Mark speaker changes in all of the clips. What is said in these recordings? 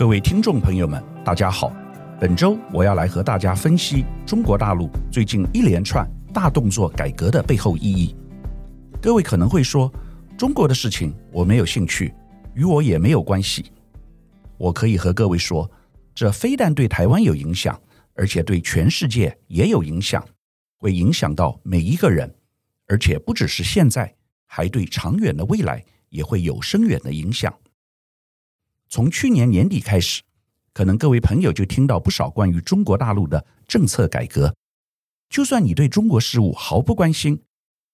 Speaker 1: 各位聽眾朋友們，大家好。本週我要來和大家分析中國大陸最近一連串大動作改革的背後意義。各位可能會說，中國的事情我沒有興趣，與我也沒有關係。我可以和各位說，這非但對台灣有影響，而且對全世界也有影響，會影響到每一個人，而且不只是現在，還對長遠的未來也會有深遠的影響。從去年年底開始，可能各位朋友就聽到不少關於中國大陸的政策改革。就算你對中國事務毫不關心，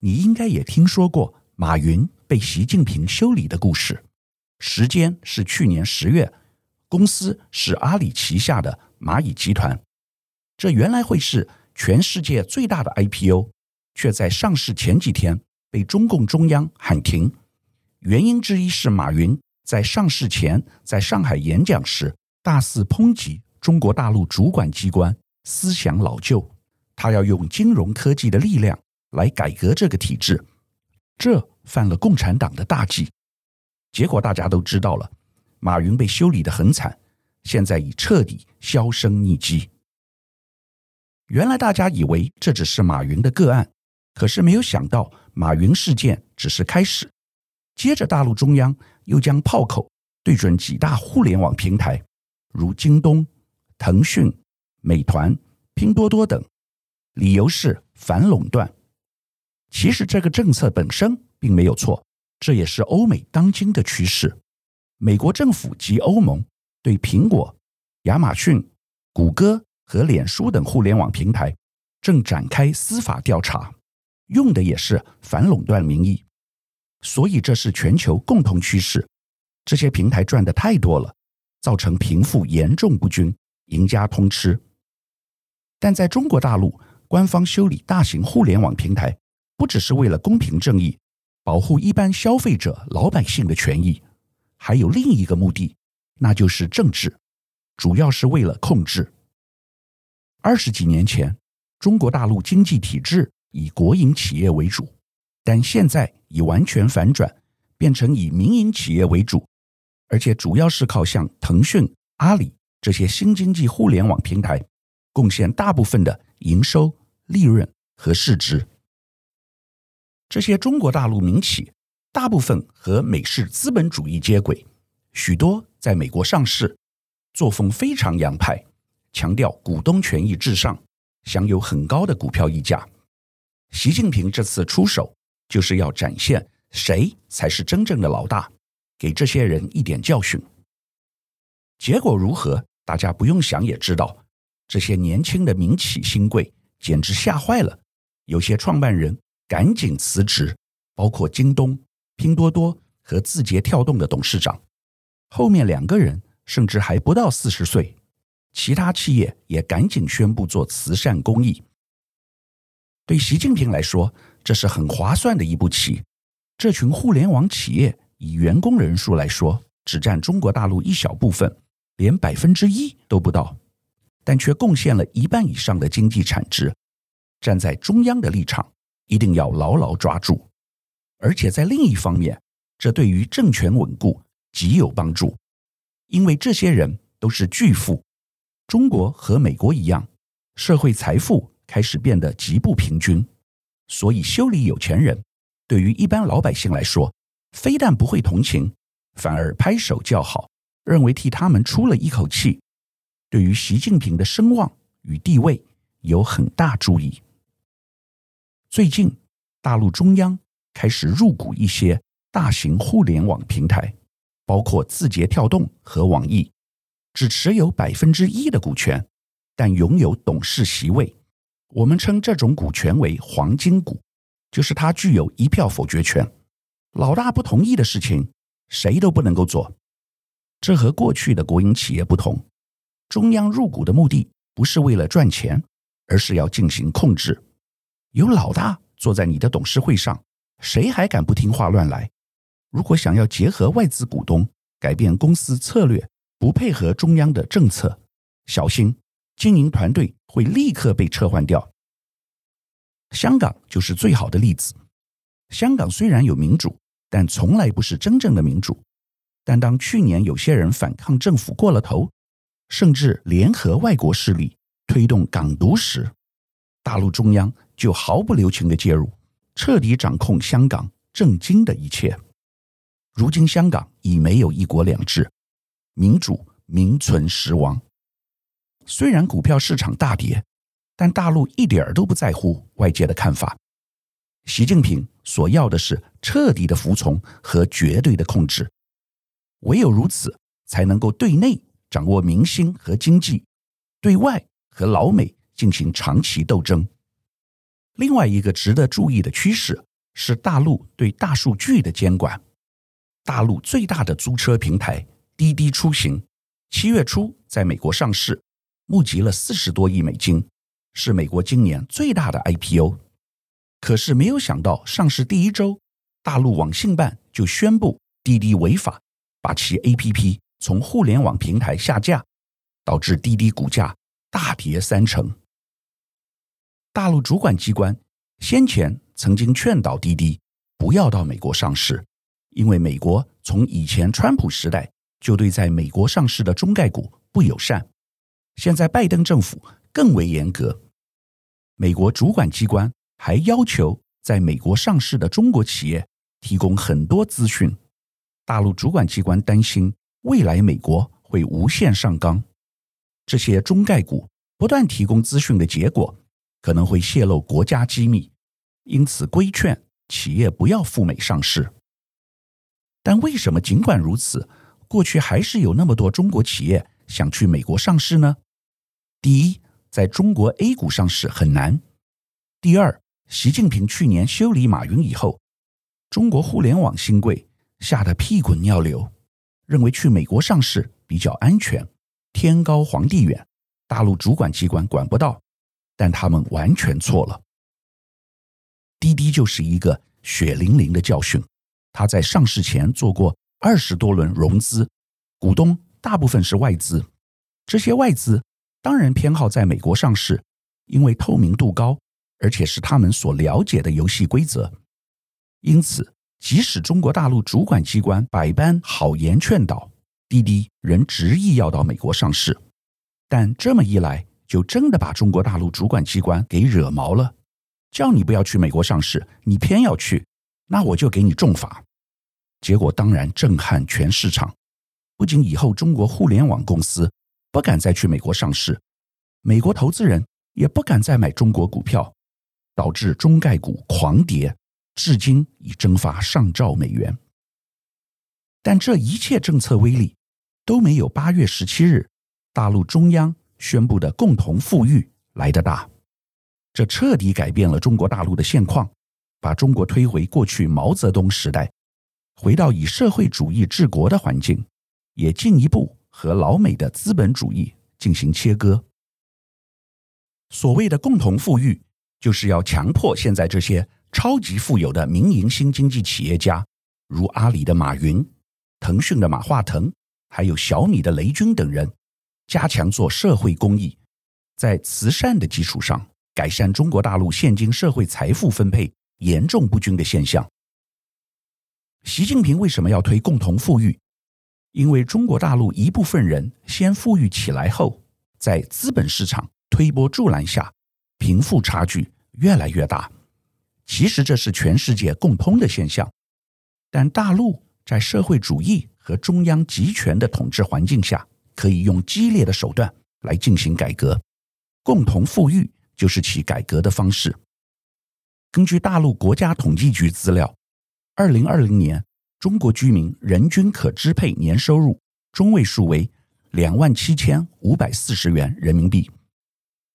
Speaker 1: 你應該也聽說過馬雲被習近平修理的故事。時間是去年十月，公司是阿里旗下的螞蟻集團。這原來會是全世界最大的 IPO，却在上市前幾天被中共中央喊停。原因之一是馬雲。在上市前，在上海演講時，大肆抨擊中國大陸主管機關思想老舊，他要用金融科技的力量來改革這個體制，這犯了共產黨的大忌。結果大家都知道了，馬雲被修理得很慘，現在已徹底銷聲匿跡。原來大家以為這只是馬雲的個案，可是沒有想到，馬雲事件只是開始，接着大陸中央。又將炮口對準幾大互聯網平台，如京東、騰訊、美團、拼多多等，理由是反壟斷。其實這個政策本身並沒有錯，這也是歐美當今的趨勢。美國政府及歐盟對蘋果、亞馬遜、谷歌和臉書等互聯網平台正展開司法調查，用的也是反壟斷名義。所以這是全球共同趨勢，這些平台賺得太多了，造成貧富嚴重不均，贏家通吃。但在中國大陸，官方修理大型互聯網平台，不只是為了公平正義，保護一般消費者、老百姓的權益，還有另一個目的，那就是政治，主要是為了控制。二十幾年前，中國大陸經濟體制以國營企業為主。但現在已完全反轉，變成以民營企業為主，而且主要是靠像騰訊、阿里這些新經濟互聯網平台貢獻大部分的營收、利潤和市值。這些中國大陸民企大部分和美式資本主義接軌，許多在美國上市，作風非常洋派，強調股東權益至上，享有很高的股票溢價。習近平這次出手，就是要展現誰才是真正的老大，給這些人一點教訓。結果如何？大家不用想也知道，這些年輕的民企新貴簡直嚇壞了，有些創辦人趕緊辭職，包括京東、拼多多和字節跳動的董事長。後面兩個人甚至還不到四十歲，其他企業也趕緊宣布做慈善公益。對習近平來說，這是很划算的一步棋。這群互聯網企業以員工人數來說，只占中國大陸一小部分，連百分之一都不到，但卻貢獻了一半以上的經濟產值。站在中央的立場，一定要牢牢抓住。而且在另一方面，這對於政權穩固極有幫助，因為這些人都是巨富。中國和美國一樣，社會財富開始變得極不平均。所以修理有錢人，對於一般老百姓來說，非但不會同情，反而拍手叫好，認為替他們出了一口氣，對於習近平的聲望與地位有很大助益。最近，大陸中央開始入股一些大型互聯網平台，包括字節跳動和網易，只持有百分之一的股權，但擁有董事席位。我們稱這種股權為“黃金股”，就是它具有一票否決權。老大不同意的事情，誰都不能夠做。這和過去的國營企業不同，中央入股的目的不是為了賺錢，而是要進行控制。有老大坐在你的董事會上，誰還敢不聽話亂來？如果想要結合外資股東，改變公司策略，不配合中央的政策，小心。經營團隊會立刻被撤換掉。香港就是最好的例子。香港雖然有民主，但從來不是真正的民主。但當去年有些人反抗政府過了頭，甚至聯合外國勢力推動港獨時，大陸中央就毫不留情地介入，徹底掌控香港政經的一切。如今香港已沒有一國兩制，民主名存實亡。雖然股票市場大跌，但大陸一點兒都不在乎外界的看法。習近平所要的是徹底的服從和絕對的控制，唯有如此，才能夠對內掌握民心和經濟，對外和老美進行長期鬥爭。另外一個值得注意的趨勢是大陸對大數據的監管。大陸最大的租車平台滴滴出行，七月初在美國上市。募集了四十多億美金，是美國今年最大的 IPO。可是沒有想到，上市第一周，大陸網信辦就宣布滴滴違法，把其 APP 從互聯網平台下架，導致滴滴股價大跌三成。大陸主管機關先前曾經勸導滴滴不要到美國上市，因為美國從以前川普時代就對在美國上市的中概股不友善。現在拜登政府更為嚴格，美國主管機關還要求在美國上市的中國企業提供很多資訊。大陸主管機關擔心未來美國會無限上綱，這些中概股不斷提供資訊的結果可能會洩露國家機密，因此規勸企業不要赴美上市。但為什麼儘管如此，過去還是有那麼多中國企業想去美國上市呢？第一，在中國 A 股上市很難。第二，習近平去年修理馬雲以後，中國互聯網新貴嚇得屁滾尿流，認為去美國上市比較安全，天高皇帝遠，大陸主管機關管不到。但他們完全錯了。滴滴就是一個血淋淋的教訓。他在上市前做過二十多輪融資，股東大部分是外資，這些外資，當然偏好在美國上市，因為透明度高，而且是他們所了解的遊戲規則。因此，即使中國大陸主管機關百般好言勸導，滴滴仍執意要到美國上市。但這麼一來，就真的把中國大陸主管機關給惹毛了。叫你不要去美國上市，你偏要去，那我就給你重罰。結果當然震撼全市場，不僅以後中國互聯網公司。不敢再去美國上市，美國投資人也不敢再買中國股票，導致中概股狂跌，至今已蒸發上兆美元。但這一切政策威力都沒有八月十七日大陸中央宣布的共同富裕來得大。這徹底改變了中國大陸的現況，把中國推回過去毛澤東時代，回到以社會主義治國的環境，也進一步。和老美的資本主義進行切割。所謂的共同富裕，就是要強迫現在這些超級富有的民營新經濟企業家，如阿里的馬雲、騰訊的馬化騰，還有小米的雷軍等人，加強做社會公益，在慈善的基礎上，改善中國大陸現今社會財富分配嚴重不均的現象。習近平為什麼要推共同富裕？因為中國大陸一部分人先富裕起來後，在資本市場推波助瀾下，貧富差距越來越大。其實這是全世界共通的現象，但大陸在社會主義和中央集權的統治環境下，可以用激烈的手段來進行改革。共同富裕就是其改革的方式。根據大陸國家統計局資料，二零二零年，中國居民人均可支配年收入中位數為兩萬七千五百四十元人民幣，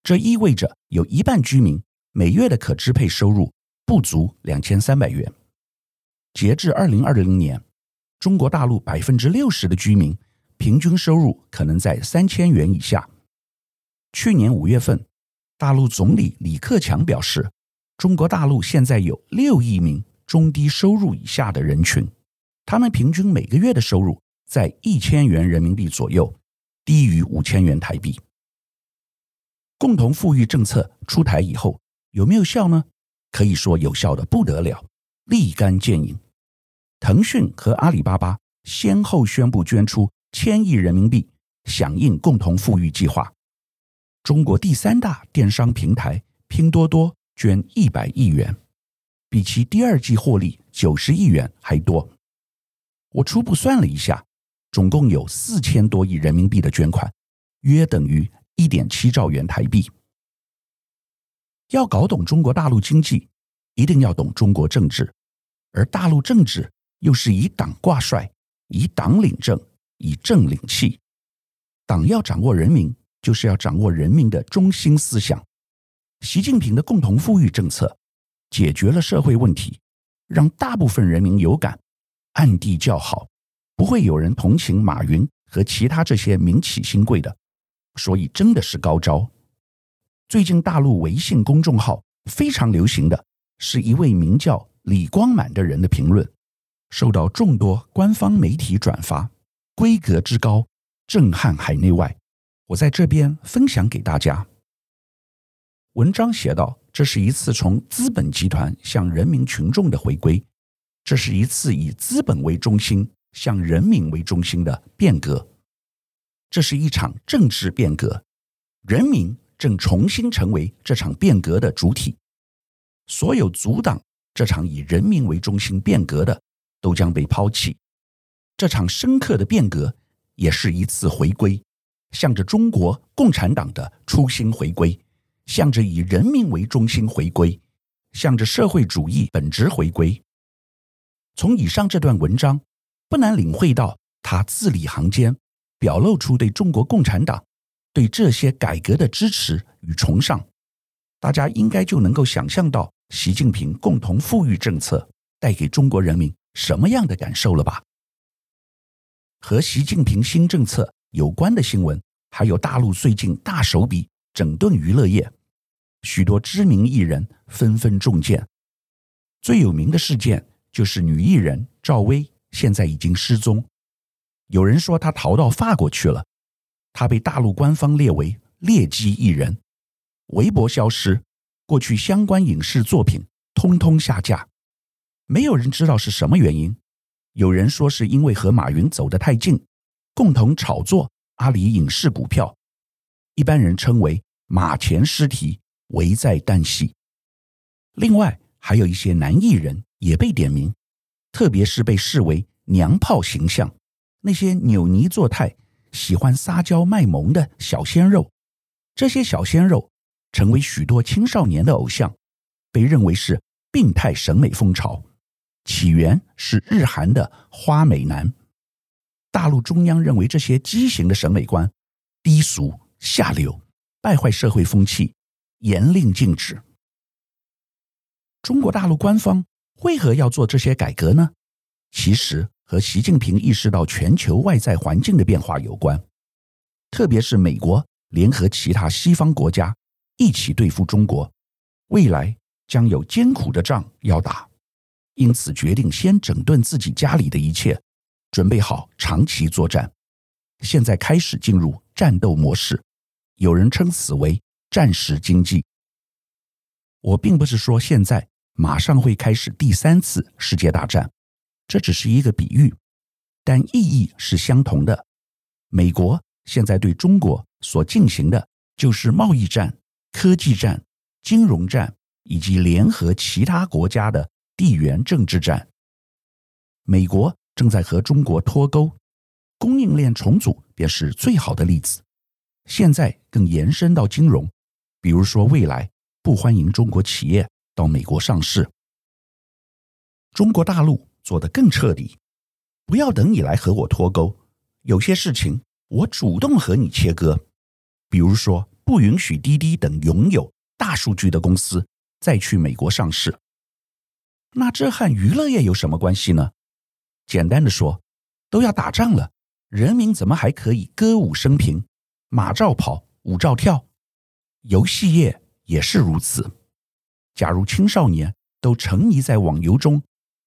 Speaker 1: 這意味着有一半居民每月的可支配收入不足兩千三百元。截至二零二零年，中國大陸百分之六十的居民平均收入可能在三千元以下。去年五月份，大陸總理李克強表示，中國大陸現在有六億名中低收入以下的人群。他們平均每個月的收入在一千元人民幣左右，低於五千元台幣。共同富裕政策出台以後，有沒有效呢？可以說有效的不得了，立竿見影。騰訊和阿里巴巴先後宣布捐出千億人民幣響應共同富裕計劃。中國第三大電商平台拼多多捐一百億元，比其第二季獲利九十億元還多。我初步算了一下，總共有四千多億人民幣的捐款，約等於一點七兆元台幣。要搞懂中國大陸經濟，一定要懂中國政治，而大陸政治又是以黨掛帥，以黨領政，以政領企。黨要掌握人民，就是要掌握人民的中心思想。習近平的共同富裕政策解決了社會問題，讓大部分人民有感。暗地叫好，不會有人同情馬雲和其他這些民企新貴的，所以真的是高招。最近大陸微信公眾號非常流行的，是一位名叫李光滿的人的評論，受到眾多官方媒體轉發，規格之高，震撼海內外。我在這邊分享給大家。文章寫道：這是一次從資本集團向人民群眾的回歸。這是一次以資本為中心向人民為中心的變革，這是一場政治變革，人民正重新成為這場變革的主體。所有阻擋這場以人民為中心變革的，都將被拋棄。這場深刻的變革也是一次回歸，向着中國共產黨的初心回歸，向着以人民為中心回歸，向着社會主義本質回歸。從以上這段文章，不難領會到他字裡行間表露出對中國共產黨、對這些改革的支持與崇尚。大家應該就能夠想象到習近平共同富裕政策帶給中國人民什麼樣的感受了吧？和習近平新政策有關的新聞，還有大陸最近大手筆整頓娛樂業，許多知名藝人紛紛中箭。最有名的事件。就是女藝人趙薇現在已經失蹤，有人說她逃到法國去了，她被大陸官方列為劣跡藝人，微博消失，過去相關影視作品通通下架，沒有人知道是什麼原因，有人說是因為和馬雲走得太近，共同炒作阿里影視股票，一般人稱為“馬前屍體”，危在旦夕。另外還有一些男藝人。也被點名，特別是被視為“娘炮”形象，那些忸怩作態、喜歡撒嬌賣萌的小鮮肉，這些小鮮肉成為許多青少年的偶像，被認為是病態審美風潮。起源是日韓的花美男，大陸中央認為這些畸形的審美觀低俗下流，敗壞社會風氣，嚴令禁止。中國大陸官方。為何要做這些改革呢？其實和習近平意識到全球外在環境的變化有關，特別是美國聯合其他西方國家一起對付中國，未來將有艱苦的仗要打，因此決定先整頓自己家裡的一切，準備好長期作戰。現在開始進入戰鬥模式，有人稱此為戰時經濟。我並不是說現在。馬上會開始第三次世界大戰，這只是一個比喻，但意義是相同的。美國現在對中國所進行的就是貿易戰、科技戰、金融戰以及聯合其他國家的地緣政治戰。美國正在和中國脫鈎，供應鏈重組便是最好的例子。現在更延伸到金融，比如說未來不歡迎中國企業。到美國上市，中國大陸做得更徹底。不要等你來和我脫鈎，有些事情我主動和你切割。比如說，不允許滴滴等擁有大數據的公司再去美國上市。那這和娛樂業有什麼關係呢？簡單的說，都要打仗了，人民怎麼還可以歌舞升平、馬照跑、舞照跳？遊戲業也是如此。假如青少年都沉迷在網遊中，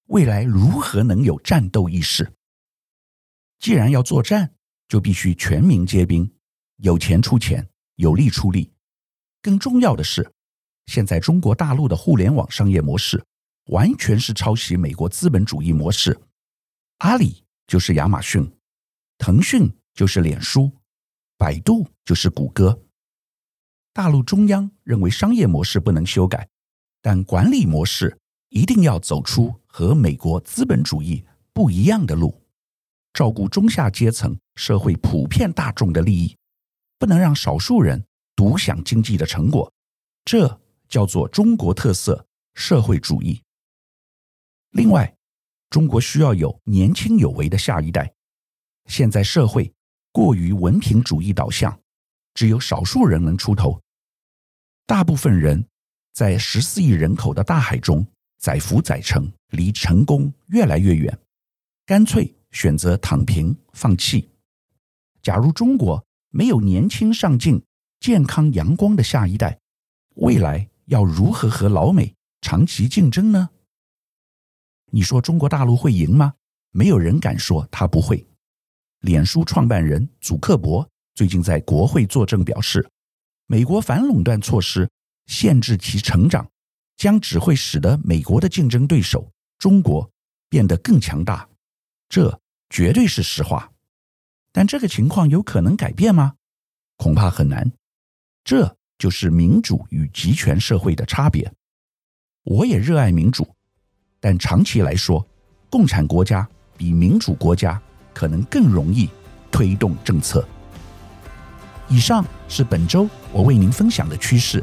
Speaker 1: 未來如何能有戰鬥意識？既然要作戰，就必須全民皆兵，有錢出錢，有力出力。更重要的是，現在中國大陸的互聯網商業模式完全是抄襲美國資本主義模式，阿里就是亞馬遜，騰訊就是臉書，百度就是谷歌。大陸中央認為商業模式不能修改。但管理模式一定要走出和美國資本主義不一樣的路，照顧中下階層、社會普遍大眾的利益，不能讓少數人獨享經濟的成果，這叫做中國特色社會主義。另外，中國需要有年輕有為的下一代。現在社會過於文憑主義導向，只有少數人能出頭，大部分人。在十四億人口的大海中載浮載沉，離成功越來越遠，乾脆選擇躺平放棄。假如中國沒有年輕上進、健康陽光的下一代，未來要如何和老美長期競爭呢？你說中國大陸會贏嗎？沒有人敢說他不會。臉書創辦人祖克伯最近在國會作證表示，美國反壟斷措施，限制其成長，將只會使得美國的競爭對手中國變得更強大，這絕對是實話。但這個情況有可能改變嗎？恐怕很難。這就是民主與集權社會的差別。我也熱愛民主，但長期來說，共產國家比民主國家可能更容易推動政策。以上是本週我為您分享的趨勢。